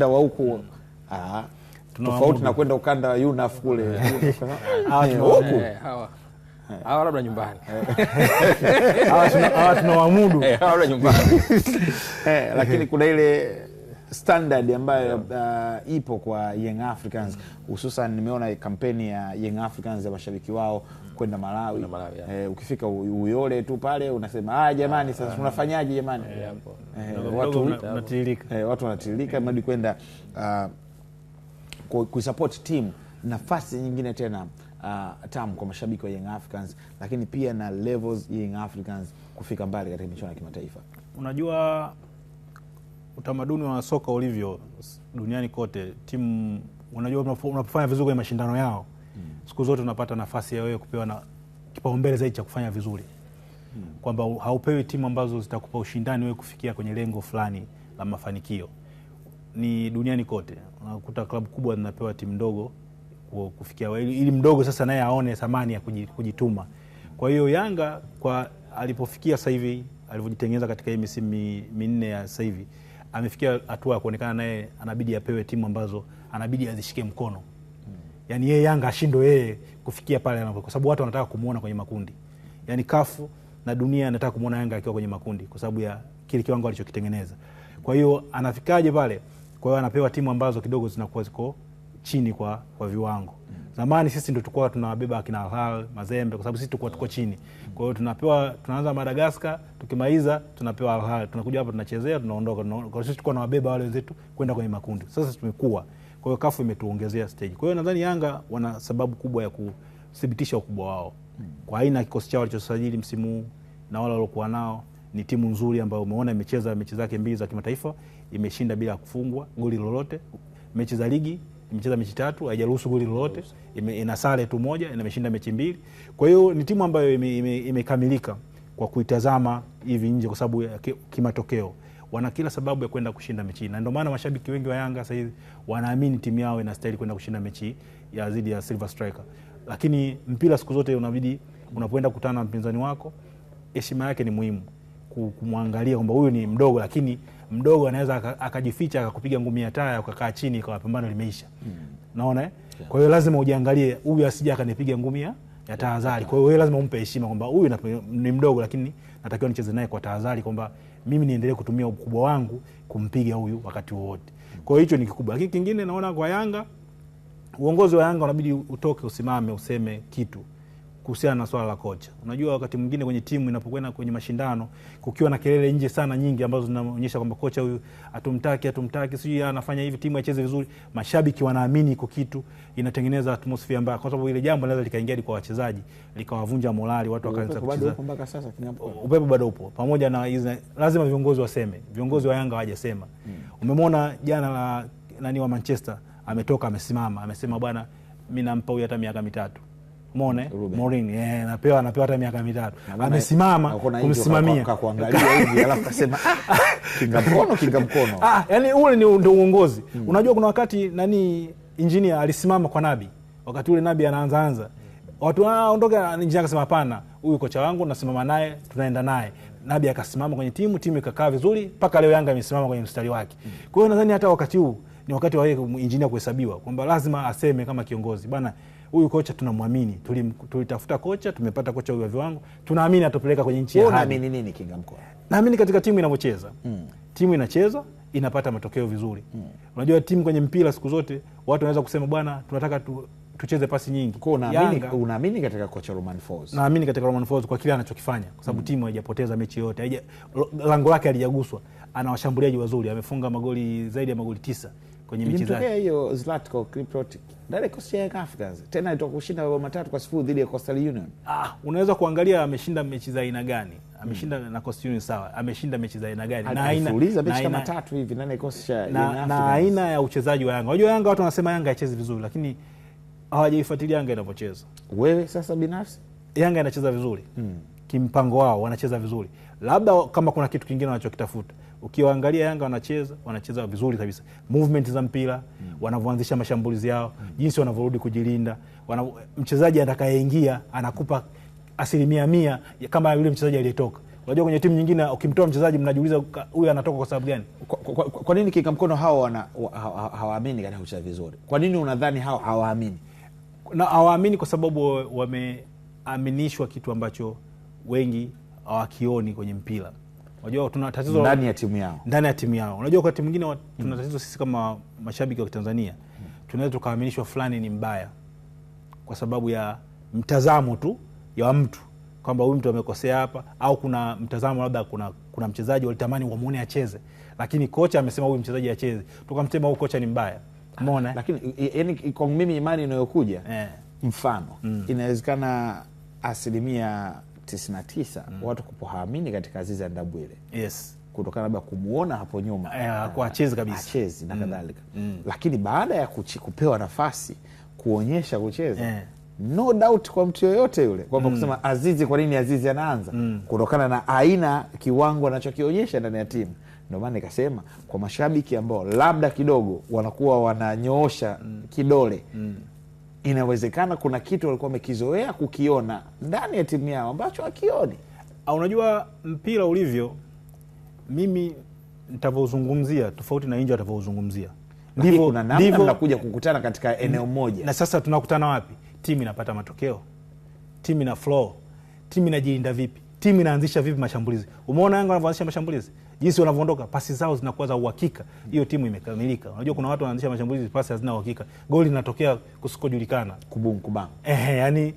wa huku ah, tofauti na kwenda ukanda wa UNAF kule eh. Eh. Eh, huku hawa labda nyumbani hawa tunawamudu, labda nyumbani. Lakini kuna ile standard ambayo uh, ipo kwa Young Africans hususan, nimeona kampeni ya Young Africans ya mashabiki wao kwenda Malawi, Malawi yeah. Eh, ukifika Uyole tu pale unasema ah, jamani ah, sasa tunafanyaje ah, ah, jamani yeah, eh, no, eh, watu wanatiririka eh, watu wanatiririka mradi kwenda uh, ah, kuisapoti timu. Nafasi nyingine tena uh, ah, tam kwa mashabiki wa Young Africans, lakini pia na levels Young Africans kufika mbali katika michuano ya kimataifa. Unajua utamaduni wa soka ulivyo duniani kote, timu unajua unapofanya vizuri kwenye mashindano yao siku zote unapata nafasi ya wewe kupewa na kipaumbele zaidi cha kufanya vizuri, kwamba haupewi timu ambazo zitakupa ushindani wewe kufikia kwenye lengo fulani la mafanikio. Ni duniani kote unakuta klabu kubwa zinapewa timu ndogo kufikia ili mdogo sasa naye aone thamani ya kujituma. Kwa hiyo Yanga kwa alipofikia sasa hivi alivyojitengeneza katika hii misimu minne ya sasa hivi amefikia hatua ya kuonekana naye anabidi apewe timu ambazo anabidi azishike mkono yani yeye Yanga ashindwe yeye kufikia pale anapo, kwa sababu watu wanataka kumuona kwenye makundi, yani kafu na dunia anataka kumuona Yanga akiwa kwenye makundi kwa sababu ya kile kiwango alichokitengeneza. Kwa hiyo anafikaje pale? Kwa hiyo anapewa timu ambazo kidogo zinakuwa ziko chini kwa, kwa viwango. Zamani sisi ndo tulikuwa tunawabeba akina Hal Mazembe kwa sababu sisi tulikuwa tuko chini. Kwa hiyo tunapewa tunaanza Madagascar, tukimaliza tunapewa Al Hal. Tunakuja hapa tunachezea, tunaondoka. Kwa hiyo sisi tulikuwa tunawabeba wale wenzetu kwenda kwenye makundi. Sasa tumekuwa kwa hiyo kafu imetuongezea stage. Kwa hiyo nadhani Yanga wana sababu kubwa ya kuthibitisha ukubwa wao kwa aina ya kikosi chao walichosajili msimu huu na wale waliokuwa nao. Ni timu nzuri ambayo umeona imecheza mechi zake mbili za kimataifa, imeshinda bila kufungwa goli lolote. Mechi za ligi imecheza mechi tatu, haijaruhusu goli lolote, ina sare tu moja na imeshinda mechi mbili. Kwa hiyo ni timu ambayo imekamilika ime, ime kwa kuitazama hivi nje, kwa sababu kimatokeo wana kila sababu ya kwenda kushinda mechi na ndio maana mashabiki wengi wa Yanga sasa hivi wanaamini timu yao inastahili kwenda kushinda mechi ya dhidi ya Silver Striker. Lakini mpira siku zote unabidi, unapoenda kukutana na mpinzani wako, heshima yake ni muhimu, kumwangalia kwamba huyu ni mdogo, lakini mdogo anaweza akajificha akakupiga ngumi ya taya ukakaa chini, kwa pambano limeisha. Hmm. Naona eh? Yeah. Kwa hiyo lazima ujiangalie, huyu asije akanipiga ngumi ya ya tahadhari. Kwa hiyo wewe lazima umpe heshima kwamba huyu ni mdogo, lakini natakiwa nicheze naye kwa tahadhari kwamba mimi niendelee kutumia ukubwa wangu kumpiga huyu wakati wowote. Kwa hiyo hicho ni kikubwa, lakini kingine naona kwa Yanga, uongozi wa Yanga unabidi utoke, usimame, useme kitu kuhusiana na swala la kocha. Unajua, wakati mwingine kwenye timu inapokwenda kwenye mashindano, kukiwa na kelele nje sana nyingi ambazo zinaonyesha kwamba kocha huyu atumtaki, atumtaki, sijui anafanya hivi, timu haicheze vizuri, mashabiki wanaamini iko kitu, inatengeneza atmosphere mbaya, kwa sababu ile jambo linaweza likaingia kwa wachezaji likawavunja morali, watu wakaanza kucheza. Upepo bado upo pamoja na izna, lazima viongozi waseme. Viongozi wa Yanga hawajasema. Mm. Umemwona jana la nani wa Manchester ametoka amesimama amesema, bwana, mimi nampa huyu hata miaka mitatu Mone Mourinho yeah, napewa napewa hata miaka mitatu, amesimama kumsimamia yani ule ni ndio uongozi hmm. Unajua kuna wakati nani injinia alisimama kwa Nabi wakati ule Nabi anza watu wanaondoka, ah, injinia akasema hapana, huyu kocha wangu nasimama naye, tunaenda naye Nabi akasimama kwenye timu, timu ikakaa vizuri mpaka leo. Yanga amesimama kwenye mstari wake. Hmm. Kwa hiyo nadhani hata wakati huu ni wakati wa injinia kuhesabiwa kwamba lazima aseme kama kiongozi bana huyu kocha tunamwamini, tulitafuta kocha, tumepata kocha huyu wa viwango, tunaamini atupeleka kwenye nchi ya hali. nini kinga mkoa? Naamini katika timu inavyocheza mm. timu inacheza inapata matokeo vizuri mm. Unajua timu kwenye mpira siku zote watu wanaweza kusema bwana, tunataka tu, tucheze pasi nyingi. Unaamini katika kocha roman Folz? Naamini katika roman Folz kwa kile anachokifanya, kwa sababu mm. timu haijapoteza mechi yote, lango lake halijaguswa, ana washambuliaji wazuri, amefunga magoli zaidi ya magoli tisa kwenye mechi zake. Hiyo Zlatko Kriprotich Ndale Coastal Young Africans tena kushinda mabao matatu kwa sifuri dhidi ya Coastal Union. Ah, unaweza kuangalia ameshinda mechi za aina gani? Ameshinda hmm. na Coastal Union sawa, ameshinda mechi za aina gani? Na aina mechi kama tatu hivi Ndale Na aina ya uchezaji wa Yanga. Unajua Yanga watu wanasema Yanga haichezi vizuri lakini hawajaifuatilia Yanga inavyocheza. Wewe sasa binafsi Yanga inacheza vizuri. hmm kimpango wao wanacheza vizuri, labda kama kuna kitu kingine wanachokitafuta. Ukiwaangalia Yanga wanacheza wanacheza vizuri kabisa, movement za mpira mm. wanavyoanzisha mashambulizi yao mm. jinsi wanavyorudi kujilinda wana, mchezaji atakayeingia anakupa asilimia mia kama yule mchezaji aliyetoka. Unajua, kwenye timu nyingine ukimtoa mchezaji mnajiuliza huyu anatoka kwa sababu gani? Kwa, kwa, kwa, kwa nini kinga mkono hawa hawaamini katika kucheza vizuri? Kwa nini unadhani hao hawaamini? Na hawaamini kwa sababu wameaminishwa kitu ambacho wengi hawakioni kwenye mpira. Unajua tuna tatizo ndani ya timu yao, ndani ya timu yao. Unajua wakati mwingine tuna tatizo sisi kama mashabiki wa Tanzania hmm. tunaweza tukaaminishwa fulani ni mbaya kwa sababu ya mtazamo tu ya mtu kwamba huyu mtu amekosea hapa, au kuna mtazamo labda, kuna, kuna mchezaji walitamani wamwone acheze, lakini kocha amesema huyu mchezaji acheze, tukamsema huyu kocha ni mbaya. mona Lakini yani kwa mimi imani inayokuja yeah. mfano mm, inawezekana asilimia 99 mm. watu kupohaamini katika Azizi Ndabwile yes kutokana labda kumuona hapo nyuma eh, achezi kabisa na mm. kadhalika mm. mm. lakini baada ya kuchi, kupewa nafasi kuonyesha kucheza yeah. no doubt kwa mtu yoyote yule kwamba mm. kusema Azizi, kwa nini Azizi anaanza mm. kutokana na aina kiwango anachokionyesha ndani ya timu. Ndio maana nikasema kwa mashabiki ambao labda kidogo wanakuwa wananyoosha mm. kidole mm inawezekana kuna kitu walikuwa wamekizoea kukiona ndani ya timu yao ambacho akioni ah, Unajua mpira ulivyo, mimi ntavyozungumzia tofauti na Injo atavyouzungumzia ndivonakuja kukutana katika eneo moja, na sasa tunakutana wapi? Timu inapata matokeo, timu ina flow, timu inajilinda vipi, timu inaanzisha vipi mashambulizi. Umeona yangu anavyoanzisha mashambulizi jinsi wanavyoondoka pasi zao zinakuwa za uhakika, hiyo timu imekamilika. Unajua kuna watu wanaanzisha mashambulizi, pasi hazina uhakika, goli linatokea kusikojulikana, kubum kubam, eh, yani.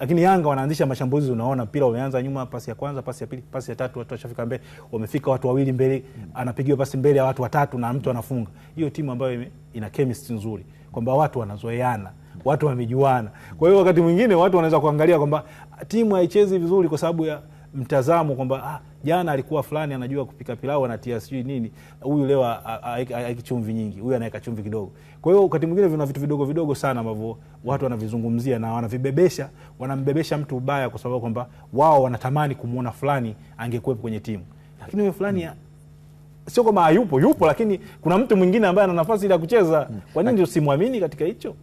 Lakini Yanga wanaanzisha mashambulizi, unaona mpira umeanza nyuma, pasi ya kwanza, pasi ya pili, pasi ya tatu, watu washafika mbele, wamefika watu wawili mbele, anapigiwa pasi mbele ya watu watatu na mtu anafunga. Hiyo timu ambayo ina chemistry nzuri, kwamba watu wanazoeana watu wamejuana. Kwa hiyo wakati mwingine watu wanaweza kuangalia kwamba timu haichezi vizuri kwa sababu ya mtazamo kwamba ah, jana alikuwa fulani anajua kupika pilau anatia sijui nini, huyu leo aweki chumvi nyingi, huyu anaweka chumvi kidogo. Kwa hiyo wakati mwingine vina vitu vidogo vidogo sana ambavyo watu wanavizungumzia na wanavibebesha, wanambebesha mtu ubaya, kwa sababu kwamba wao wanatamani kumwona fulani angekuwepo kwenye timu, lakini huyo fulani hmm. sio kwamba hayupo, yupo, lakini kuna mtu mwingine ambaye ana nafasi ile ya kucheza. Kwa nini hmm. usimwamini katika hicho?